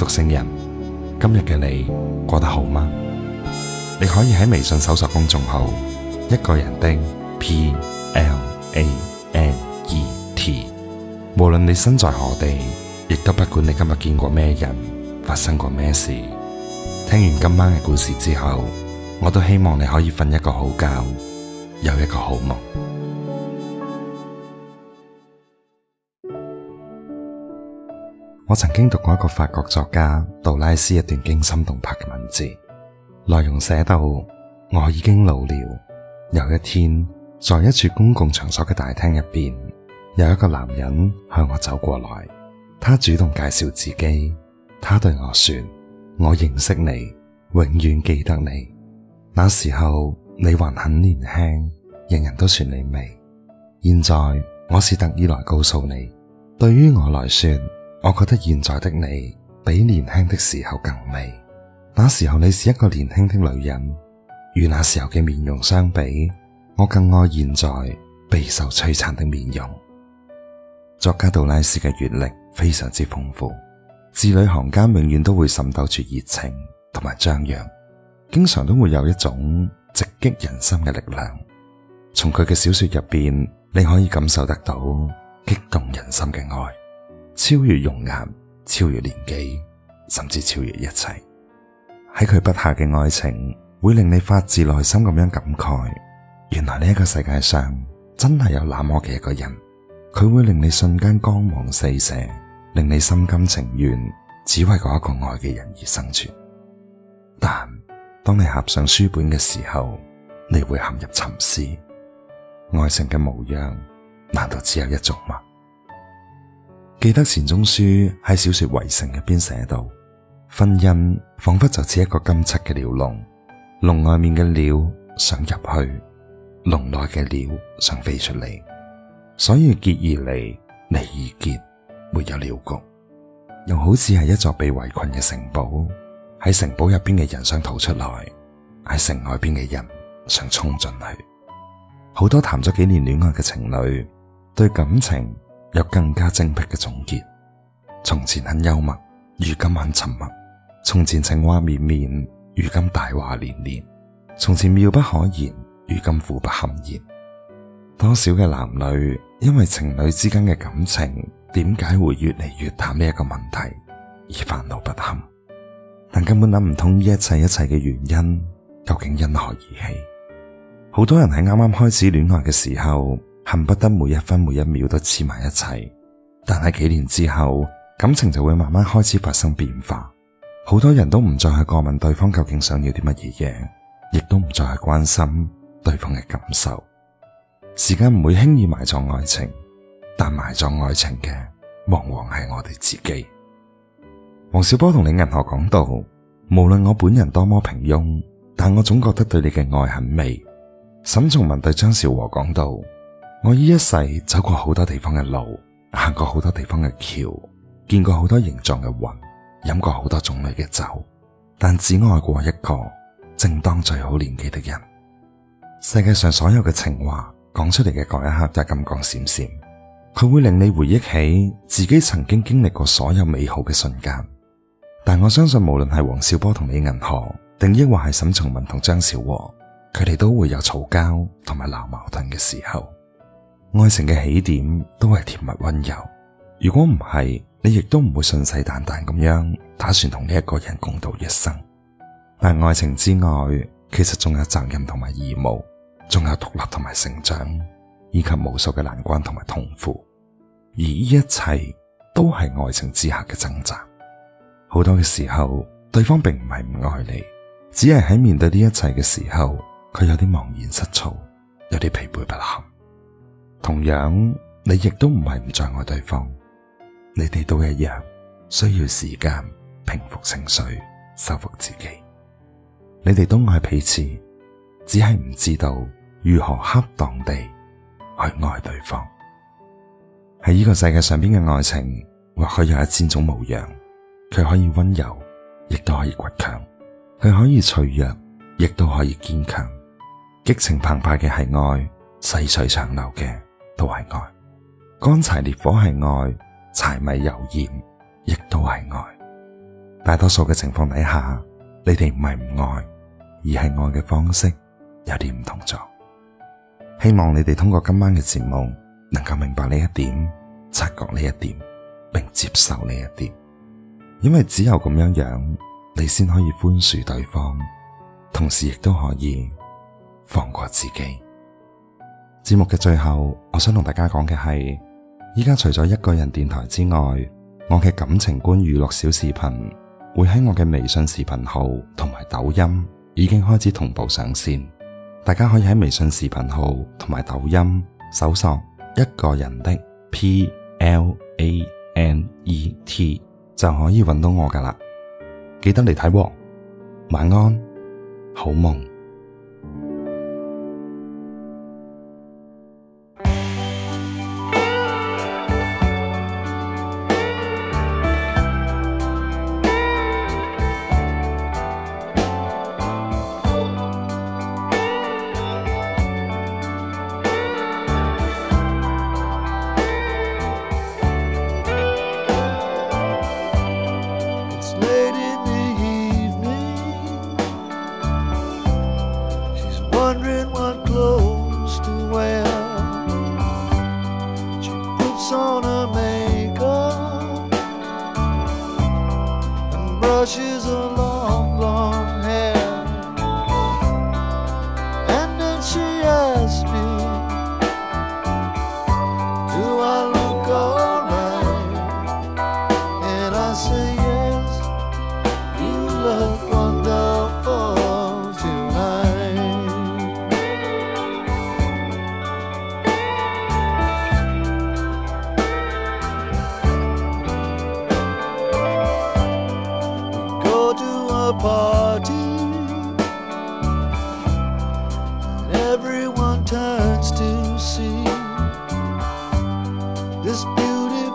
獨性人，今日嘅你過得好嗎？你可以喺微信搜索公眾號一個人的 P L A N E T，無論你身在何地，亦都不管你今日見過咩人，發生過咩事。聽完今晚嘅故事之後，我都希望你可以瞓一個好覺，有一個好夢。我曾經讀過一個法國作家杜拉斯一段驚心動魄嘅文字，內容寫到：我已經老了。有一天，在一處公共場所嘅大廳入邊，有一個男人向我走過來，他主動介紹自己。他對我說：我認識你，永遠記得你。那時候你還很年輕，人人都說你美。現在我是特意來告訴你，對於我來說。我覺得現在的你比年輕的時候更美。那時候你是一個年輕的女人，與那時候嘅面容相比，我更愛現在備受摧殘的面容。作家杜拉斯嘅閱歷非常之豐富，字裏行間永遠都會滲透住熱情同埋張揚，經常都會有一種直擊人心嘅力量。從佢嘅小說入邊，你可以感受得到激動人心嘅愛。超越容顏，超越年紀，甚至超越一切。喺佢筆下嘅愛情，會令你發自內心咁樣感慨：原來呢一個世界上真係有那麼嘅一個人，佢會令你瞬間光芒四射，令你心甘情願，只為嗰一個愛嘅人而生存。但當你合上書本嘅時候，你會陷入沉思：愛情嘅模樣，難道只有一種嗎？記得錢鍾書喺小說《圍城》入邊寫到，婚姻仿佛就似一個金漆嘅鳥籠，籠外面嘅鳥想入去，籠內嘅鳥想飛出嚟，所以結而離，離而結，沒有了局。又好似係一座被圍困嘅城堡，喺城堡入邊嘅人想逃出來，喺城外邊嘅人想衝進去。好多談咗幾年戀愛嘅情侶，對感情。有更加精闢嘅總結。從前很幽默，如今很沉默；從前情話綿綿，如今大話連連；從前妙不可言，如今苦不堪言。多少嘅男女因為情侶之間嘅感情點解會越嚟越淡呢一個問題而煩惱不堪，但根本諗唔通一切一切嘅原因究竟因何而起？好多人喺啱啱開始戀愛嘅時候。恨不得每一分每一秒都黐埋一齊，但係幾年之後感情就會慢慢開始發生變化。好多人都唔再去過問對方究竟想要啲乜嘢嘢，亦都唔再去關心對方嘅感受。時間唔會輕易埋葬愛情，但埋葬愛情嘅往往係我哋自己。王小波同李銀河講道，無論我本人多麼平庸，但我總覺得對你嘅愛很美。沈從文對張兆和講道。我依一世走過好多地方嘅路，行過好多地方嘅橋，見過好多形狀嘅雲，飲過好多種類嘅酒，但只愛過一個正當最好年紀的人。世界上所有嘅情話講出嚟嘅嗰一刻都係金光閃閃，佢會令你回憶起自己曾經經歷過所有美好嘅瞬間。但我相信，無論係王小波同李銀河，定抑或係沈從文同張小和，佢哋都會有嘈交同埋鬧矛盾嘅時候。愛情嘅起點都係甜蜜溫柔，如果唔係，你亦都唔會信誓旦旦咁樣打算同呢一個人共度一生。但愛情之外，其實仲有責任同埋義務，仲有獨立同埋成長，以及無數嘅難關同埋痛苦。而呢一切都係愛情之下嘅掙扎。好多嘅時候，對方並唔係唔愛你，只係喺面對呢一切嘅時候，佢有啲茫然失措，有啲疲憊不堪。同樣你亦都唔係唔再愛對方，你哋都一樣需要時間平復情緒，修復自己。你哋都愛彼此，只係唔知道如何恰當地去愛對方。喺呢個世界上邊嘅愛情，或許有一千種模樣，佢可以温柔，亦都可以倔強；佢可以脆弱，亦都可以堅強。激情澎湃嘅係愛，細水長流嘅。都係愛，乾柴烈火係愛，柴米油鹽亦都係愛。大多數嘅情況底下，你哋唔係唔愛，而係愛嘅方式有啲唔同咗。希望你哋通過今晚嘅節目，能夠明白呢一點，察覺呢一點，並接受呢一點。因為只有咁樣樣，你先可以寬恕對方，同時亦都可以放過自己。節目嘅最後，我想同大家講嘅係，依家除咗一個人電台之外，我嘅感情觀娛樂小視頻會喺我嘅微信視頻號同埋抖音已經開始同步上綫，大家可以喺微信視頻號同埋抖音搜索一個人的 P L A N E T 就可以揾到我噶啦，記得嚟睇哦，晚安，好夢。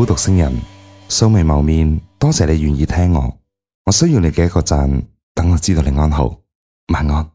孤獨星人，素未謀面，多謝你願意聽我。我需要你給一個讚，等我知道你安好。晚安。